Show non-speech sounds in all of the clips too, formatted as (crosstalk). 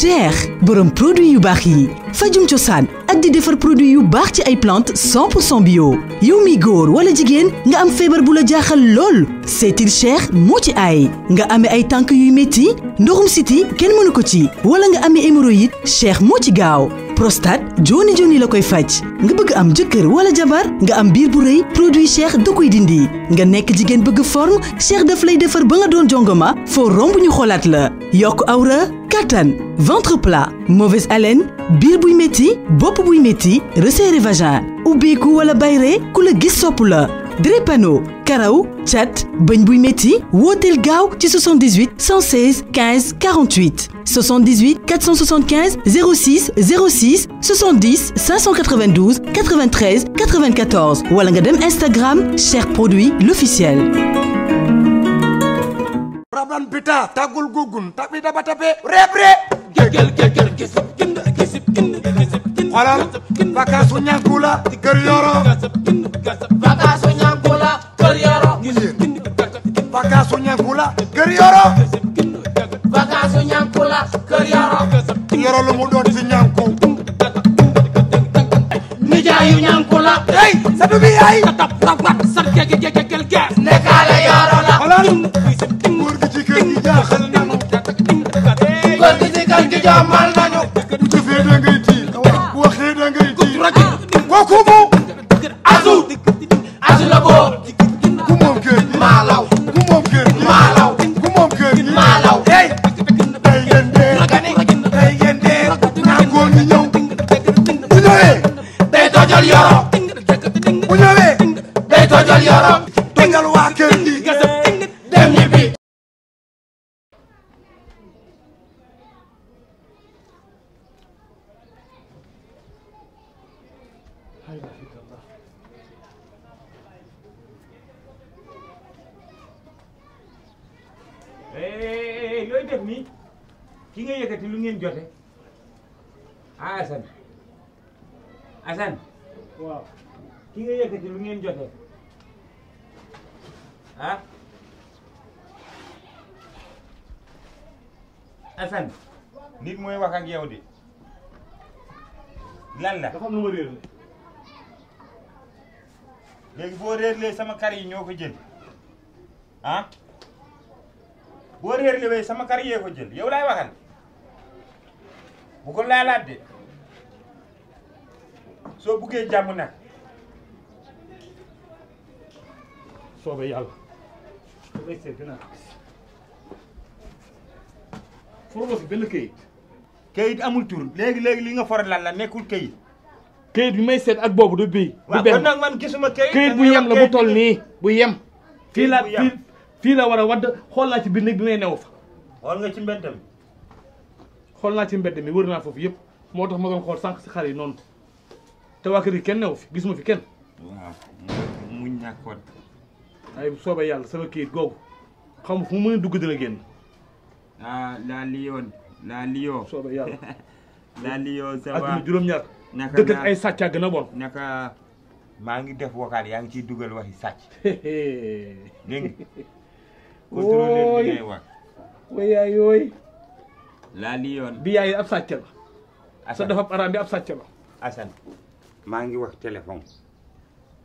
Cheikh borom produit yu bax yi fajum cosaan ak di defar produit yu bax ci ay plante 100% bio yow mi góor wala jigéen nga am feebar bu la jaaxal lool seetil Cheikh moo ci ay nga amee ay tànk yuy métti ndoxum siti kenn mënu ko ci wala nga amee hémorroïde Cheikh moo ci gaaw prostate jooni jooni la koy faj nga bëgg am jëkkër wala jabar nga am biir bu rëy produit Cheikh da koy dindi nga nekk jigéen bëgg forme Cheikh daf lay defar ba nga doon jongoma foo romb ñu xoolaat la yokk awra kattan ventre plat mauvaise haleine biir buy métti bopp buy métti resserré vagin ubbeeku wala bayre ku la gis sopp la drépano karaw Chat, chat buy métti ci 78 116 15 48 78 475 06 06 70 592 93 94 wala Instagram Cher Produit l'officiel. kër yoro ngin vacances su ñankula kër yoro vacances su ñankula kër yoro yoro lu mu doon ci ñanku nijaayu ñankula ey sa du bi tap tap sar gege gege gel ge nekkaale yoro la xoolal gi ci kër gi jaaxal nañu góor gi ci kër gi jaamal nañu bu jëfee da ngay tiit bu waxee da ngay tiit koy def nii ki nga yëkkati lu ngeen jote ah Assane Assane waaw ki nga yëkkati lu ngeen jote ah Assane nit mooy wax ak yow de lan la dafa am ma réer léegi boo réerlee sama kar yi ñoo ko jël ah? boo réer li sama kar yee ko jël yow laay waxal bu ko laa laaj de soo buggee jàmm nag soobee yàlla damay seet dinaa foroo si benn kayit kayit amul tur léegi léegi li nga for lan la nekkul kayit kayit bi may seet ak boobu du bii du benn waaw kon man gisuma kayit kayit bu yem la bu toll nii bu yem fii laa fii la war a wadd naa ci biir néeg bi may newu fa. xool nga ci mbedd mi. naa ci mbedd mi wër naa foofu yëpp moo tax ma doon xool sànq si xar yi noonu te waa kër gi kenn fi gisuma fi kenn. waaw mu ñàkkoon. ay soobee yàlla sama kayit googu xam fu mu mën a dugg dina génn. ah la lion la lion. soobee yàlla. (laughs) juróom-ñaar. ay sàcc a bon. ngi def vocal yaa ngi ciy dugal waxi sàcc. (laughs) contrôleur bi ngay laa lii bi yaay ab sàcc la. Assane sa dafa araam bi ab sàcc la. maa ngi wax téléphone.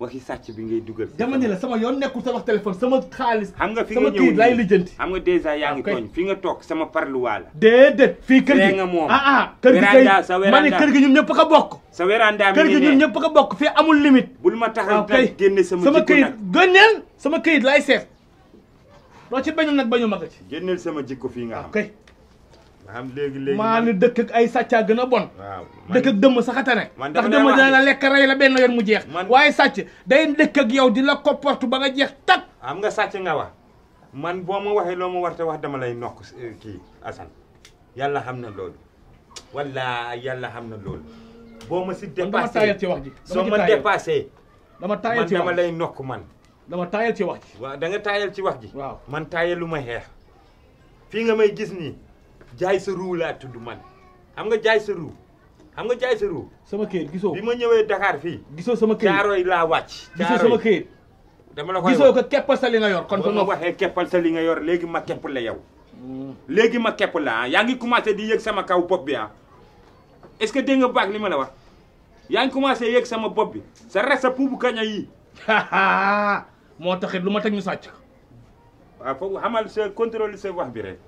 waxi sàcc bi ngay dugal. dama ne la sama yoon nekkul sa wax téléphone sama xaalis. xam nga fi nga ñëw sama kii laay lijjanti. dèjà yaa ngi ah, tooñ fi nga toog sama parluwaa la. déedéet fii kër gi nga moom ah ah. kër gi kay ma ne kër gi ñun ñëpp ka bokk. sa wéranda mi ngi fii amul limite. bul ma taxal ah, génne sama jikko nag sama këyit gëneel sama këyit laay seet. loo ci bañul nag bañu ma nga ci génneel sama jikko fii nga xam kay xam léegi léegi maa ni dëkk ak ay sàccaa gën a bon waaw dëkk ak dëmm sax a tane ndax dëmm la lekk rey la benn yoon mu jeex waaye sàcc day dëkk ak yow di la comporte ba nga jeex tak xam nga sàcc nga wax man boo ma waxee loo ma warte wax dama lay nokk eh, kii Assane yàlla xam na loolu walla yàlla xam na loolu ma si dépassé dama taayal ci wax ji soo ma dépassé dama taayal ci wax dama lay nokk man dama tayel ci wax ji. wa da nga taayal ci wax ji. man taayalu ma xeex. fii nga may gis ni jaay sa ruu la tudd man xam nga jaay sa ruu xam nga jaay sa ruu. sama keer gisoo bima ñewé Dakar fi gisoo sama këyit caaroy la wacc gisoo sama keer dama la koy gisoo ko keppal sa li nga yor kon ko no waxe keppal sa li nga yor legi ma kepp la yow. Mm. legi ma kepp la ya ngi commencé di yegg sama kaw bopp bi ha ah. est-ce que de nga bak li ma la wax ya ngi commencé yegg sama bopp bi sa resa pou bu kaña yi. (laughs) moo taxit lu ma teg ñu sàcc. waaw foog xamal sa contrôle sa wax bi rek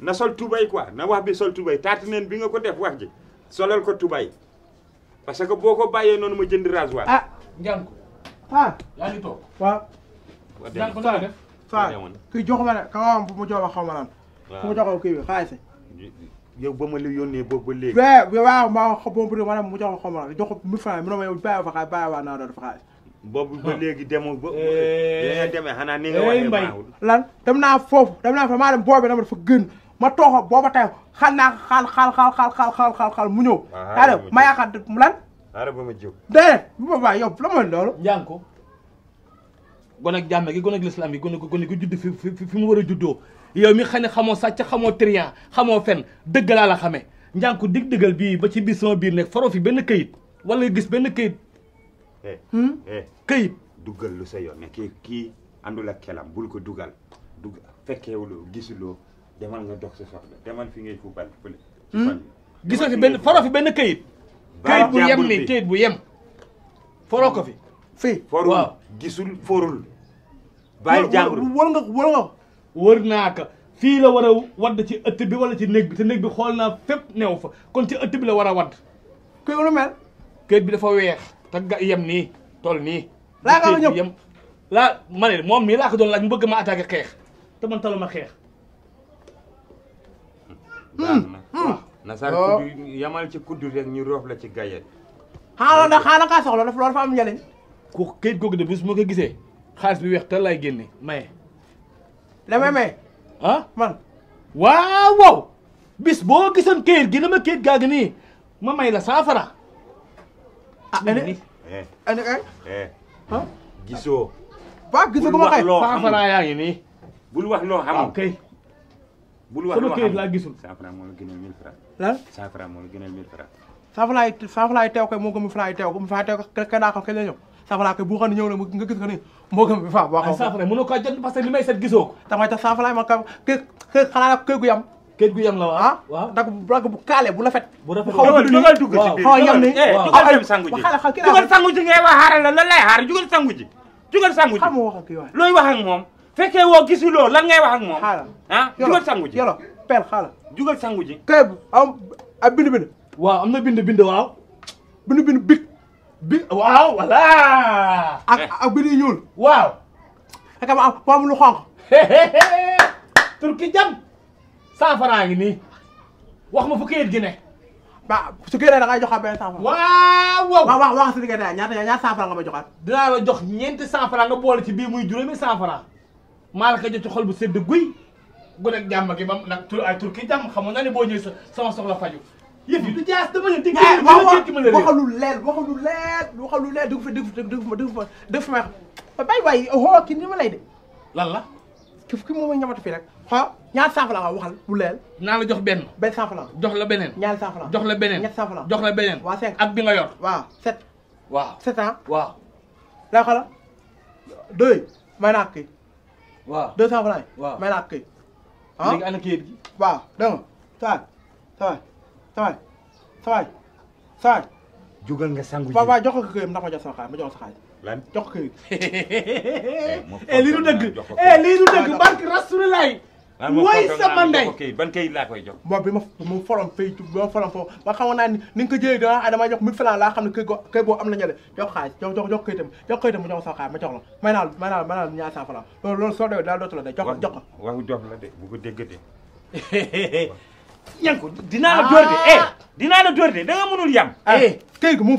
na sol tubay quoi na wax bi sol tubay taati neen bi nga ko def wax ji solal ko tubay parce que boo ko bàyyee noonu ma jënd rasoir. ah njàng ko ah yaa ngi toog waaw. ma ne ka ma bu mu jox ma xaw mu jox kii bi xaalis yow ba ma la yónnee boobu ba mu jox ma xaw ma naan jox ko fa xaalis bàyyi waa naa doon fa xaalis bobu ba legui demo ba. li eh. eh, demé xana ya, ni nga eh, waxee baaxul lan dem na fofu dem na fa ma dem boobe dama fa gën ma toxo tooxa tay xana xal xal xal xal xal xal xal xal mu ñew ala ah, ma ya xat lan. ara ah, bama jog de déedéet bu boobaa yow la mo lolu ñanko ko ak jàmm gi gone ak l'islam gi ko gone ko judd fi fi mu wara juddo yow mi xam xamo sacc xamo xamoo trian xamoo fen deug la la xamee ñanko dig deugal bi ba ci biir sama biir nekk faroo fi ben kayit wala gis ben kayit Eh, hmm? eh. këyit dugal lu sa yoon ne kii kii àndul ak xelam bul ko dugal dug fekkeewuloo gisuloo demal nga dox sa soxla demal fi ngay fubal fële hmm? gis na fi benn foro fi benn bu yem ni ko fi fii gisul forul bàyyi jàmbur wër nga wër nga naa ko fii la war a wadd ci ëtt bi wala ci néeg bi te néeg bi xool naa fépp new fa kon ci ëtt bi la war a wadd këyit lu mel këyit bi dafa weex tagga gak ni tol tol la nga ñëw yem laa ma ne moom mii ko doon laaj mu bëgg ma attaqué xex te man taluma xex na hmm, hmm. sa oh. ko yamal ci kuddu rek ñu roof la ci gaye xala na xala ka soxla la floor fa am ñaleñ ko keet gog de bis mo ko gisé xaliss bi weex ta lay génne la may may ah man waaw waaw bis bo gisone kayit gi na ma keet gaa ni ma may la safara ah ene ene kay ah gisoo waa eh. eh. gisoo ma kay cent franc yaa ngi nii bul wax loo xamul ah, kay bul wax loo xamul laa gisul cent franc moo moo la gënal mille franc cent franc yi cent franc yi teew koy mu fa teew nga gis ko ni moo gëm bi fa wax ko safara may seet gisoo ko damay tax safara ma ka xanaa gu yam kayit gu yem la waaw ah? waaw ndax bu bu kaale bu rafet. bu rafet xaw a dugal dugg ci biir xaw a yem ni jugal eh, sangu ji jugal sangu ji ngay wax xaaral la lan lay xaar jugal sangu ji jugal sangu ji xam nga wax ak yow looy wax ak moom fekkee woo gisuloo lan ngay wax ak moom ah jugal sangu ji yolo pel xaala jugal sangu ji kayit bu am a bind bind waaw am na bind bind waaw bind bind big bi waaw voilà ak ak bind ñuul waaw ak am am lu xonq turki jam cent ngi nii wax ma fu këyit gi ne. ba su këyit da ngay a benn cent franc. waaw waaw wax wax si diggante ñaata ñaata cent franc nga ma joxaat. dinaa la jox ñeenti cent franc nga boole ci bii muy juróomi cent franc maa la ko jox ci xol bu sedd guy. gu nekk jàmm gi ba mu nag tur ay tur ki jàmm xamoon naa ne boo ñëwee sa sama soxla faju yëf yi du jaas dama leen. waaw waaw waaw waxalu leer waxalu leer waxalu leer dëgg fa dëgg fa dëgg fa dëgg fa dëgg fa may wax. waaye waaye xoo kii ni ma lay de lan la. ki ki moom mooy ñamatu fii rek xool ñaar cent francs waxal bu leel naa la jox benn benn cent francs jox la beneen ñaar cent francs jox la beneen ñetti cent jox la beneen waa cinq ak bi nga yor waaw sept waaw sept ans waaw daa ah. nga sawaay sawaay sawaay sawaay jógal nga sangu ji waaw jox ko kayit ma jox sama lan jox ko (laughs) eh, eh, lii du dëgg eh, lii du dëgg barki rasulilaay mooy sama de ban kayit laa koy jox moo bi ma moom forom fay bi ma forom foofu ba xamoon naa ni ni nga ko jëlee da ah, dama jox mille francs laa xam ne këy boo am na ñale jox xaalis jox jox jox kayitam jox kayitam mu jox sa xaalis ma jox la may naa may naa may naa ñaar cent francs loolu loolu de jox ko jox ko la de bu ko (laughs) dinaa la ah! dóor de eh dinaa la dóor de da nga mënul yam eh këy gi mu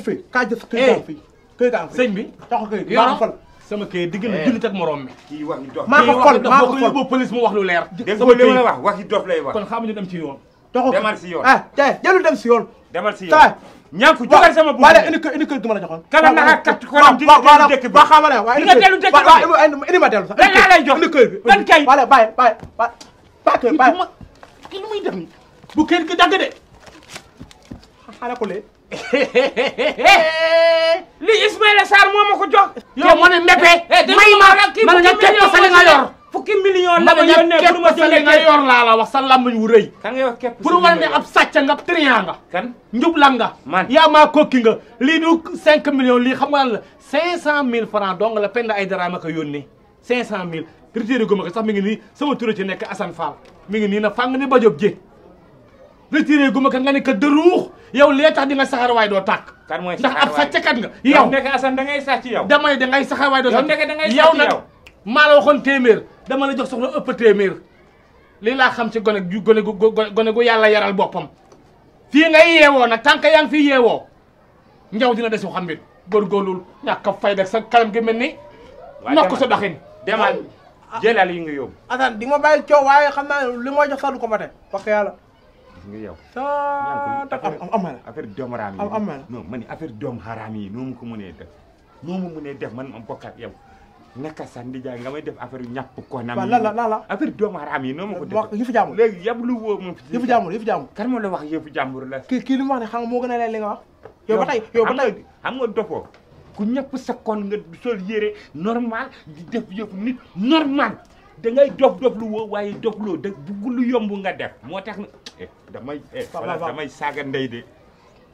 këyitam sëñ bi jox ko këyit maa ko fal sama këyit diggal eh. jullit ak morom mi kii wax dof maa ko fal maa ko fal boo police mu wax lu leer sama këyit la wax wax yi dof lay wax kon xam ñu dem ci yoon jox ko demal si yoon ah eh, tey jëlu dem si yoon demal si yoon ñànk jógal sama bu indi kër indi kër du ma la joxoon kala naka kat ko ram di dëkk bi ba xamal waaye indi delu dëkk bi indi ma delu sax lan lay jox indi kër bi ban kay wala bàyyi bàyyi bàyyi bàyyi ki lu muy def bu kër gi dagg de xala ko lee (laughs) li Ismaïla Sarr moo ma ko jox. yoo ma ne Mbappé. Eh, eh, may ma man nga képp sa li nga yor. fukki million la ma yónnee pour ma sa li nga yor laa la wax sa a wu rëy. kan nga yor képp pour war ne ab sàcc nga trian nga. kan yaa maa kooki nga lii du 5 millions lii xam nga la 500000 francs dong la Penda Aïdara ma ko yónnee 500000 critère gu ma ko sax mi ngi nii sama tur ci nekk Assane Fall mi ngi nii na fang retiré guma ka nga ne que dëruux yow lee tax di nga saxaar waaye doo tàkk. ndax ab sàcckat nga. yow nekk Assane da ngay sàcc yow. damay da ngay saxaar waaye doo sàcc yow nekk da maa la waxoon téeméer dama la jox soxla ëpp téeméer lii laa xam ci gone gu gone gu gone gu yàlla yaral boppam fii ngay yeewoo nag tant que yaa ngi fi yeewoo njaw dina des waxam bi góorgóorlu ñàkk a fayda sa kanam gi mel ni. nokk sa doxin demal ah. jëlal yi nga yóbbu. Assane di ma bàyyi coow waaye xam naa li ma jox sax du ko mate wax yàlla gis nga yow. am na affaire doomu raam yi. am na non man affaire doomu xaraam yi noo mu ko mënee def. noo mu mënee def man ma bokkaat yow. naka sax di jaay nga may def affaire ñàpp ko nam la la la affaire doomu xaraam yi noo ma ko def. wax yëfu jàmbur léegi yab lu woo moom. yëfu jàmbur yëfu jàmbur. kan moo la wax yëfu jàmbur la. kii kii li wax ne xam nga moo gën a leer li nga wax. yow ba tey yow ba tey xam nga dofoo ku ñëpp sa nga sol yére normal di def yëfu nit normal da ngay dof dof lu woo waaye dof loo da bugg lu yomb nga def moo tax na eh, damay eh, damay saaga ndey de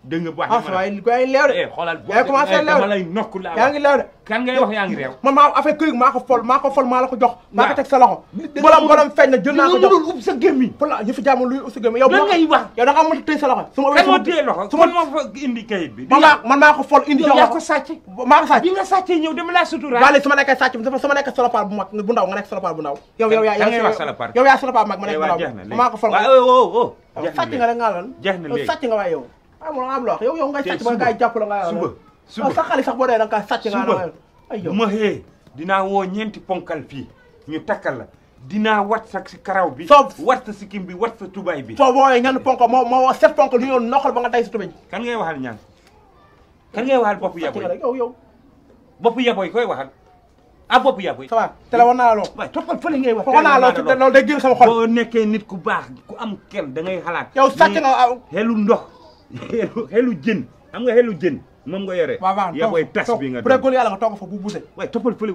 dégg nga bu wax ah waaye gaa yi leew de. Eh, xoolal yaa ngi commencé leew de lay nokk laa yaa ngi leew de. kan ngay wax yaa ngi réew. man maa affaire këyit maa ko fol maa ko fol maa la ko jox. maa ko teg sa loxo. borom borom feeñ na jël naa ko jox mënul ub sa gémmiñ. fa la yëfi jaamu luy ub sa gémmiñ yow. lan ngay wax yow da nga mën a téye sa loxo. su ma kan moo téye loxo su ma fa indi kayit bi. man maa man maa ko fol indi. yow yaa ko sàcc maa ko sàcc bi nga sàccee ñëw dama laa sutura. waaye su ma nekkee sàcc su ma nekkee salopard bu mag bu ndaw nga nekk salopard bu ndaw. yow yow yaa yow yaa salopard mag ma eh, nekk ndaw maa ko fol. waaw waaw waaw jeex na léegi sàcc nga rek nga lan. jeex na léegi sàcc nga waaye yow amul ah, am ah, yow yow ngay sàcc ba ngay jàpp la nga suba suba ah, sa xaalis sax boo nga sàcc ma xëyee dinaa woo ñeenti ponkal fii ñu takkal la dinaa wat sa si karaw bi wat sa sikkim bi wat sa tubaay bi soo woowee ñan ponk moo moo woo set ponk ñu ñoon noxal ba nga day sa tubaay kan ngay waxal ñaan kan ngay waxal boppu yaboy yow yow boppu yaboy koy waxal ah boppu yaboy ça va te la war naa loo waay toppal fële ngay boo nekkee nit ku baax ku am kel da ngay xalaat yow sàcc nga xelu ndox xelu jën am nga xelu jën moom nga yore yaa koy tas bi nga bu dee góor yàlla nga toog fa bu buse waay toppal fële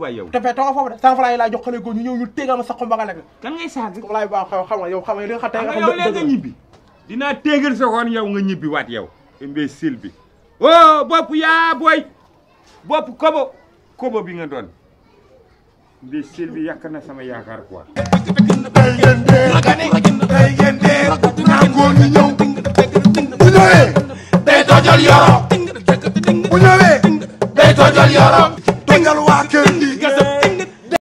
laa jox xale góor ñu ñëw ñu téegal ma sa xom ba nga xam nga yow xam nga li nga xam yow léegi nga ñibbi dinaa téegal sa xoon yow nga ñibbi waat yow imbécile bi oh bopp yaa booy bopp kobo kobo bi nga doon imbécile bi yàq na sama yaakaar quoi day ngeen dee day ngeen bu ñëwee day tojjal yoro bu ñëwee day tojjal yoro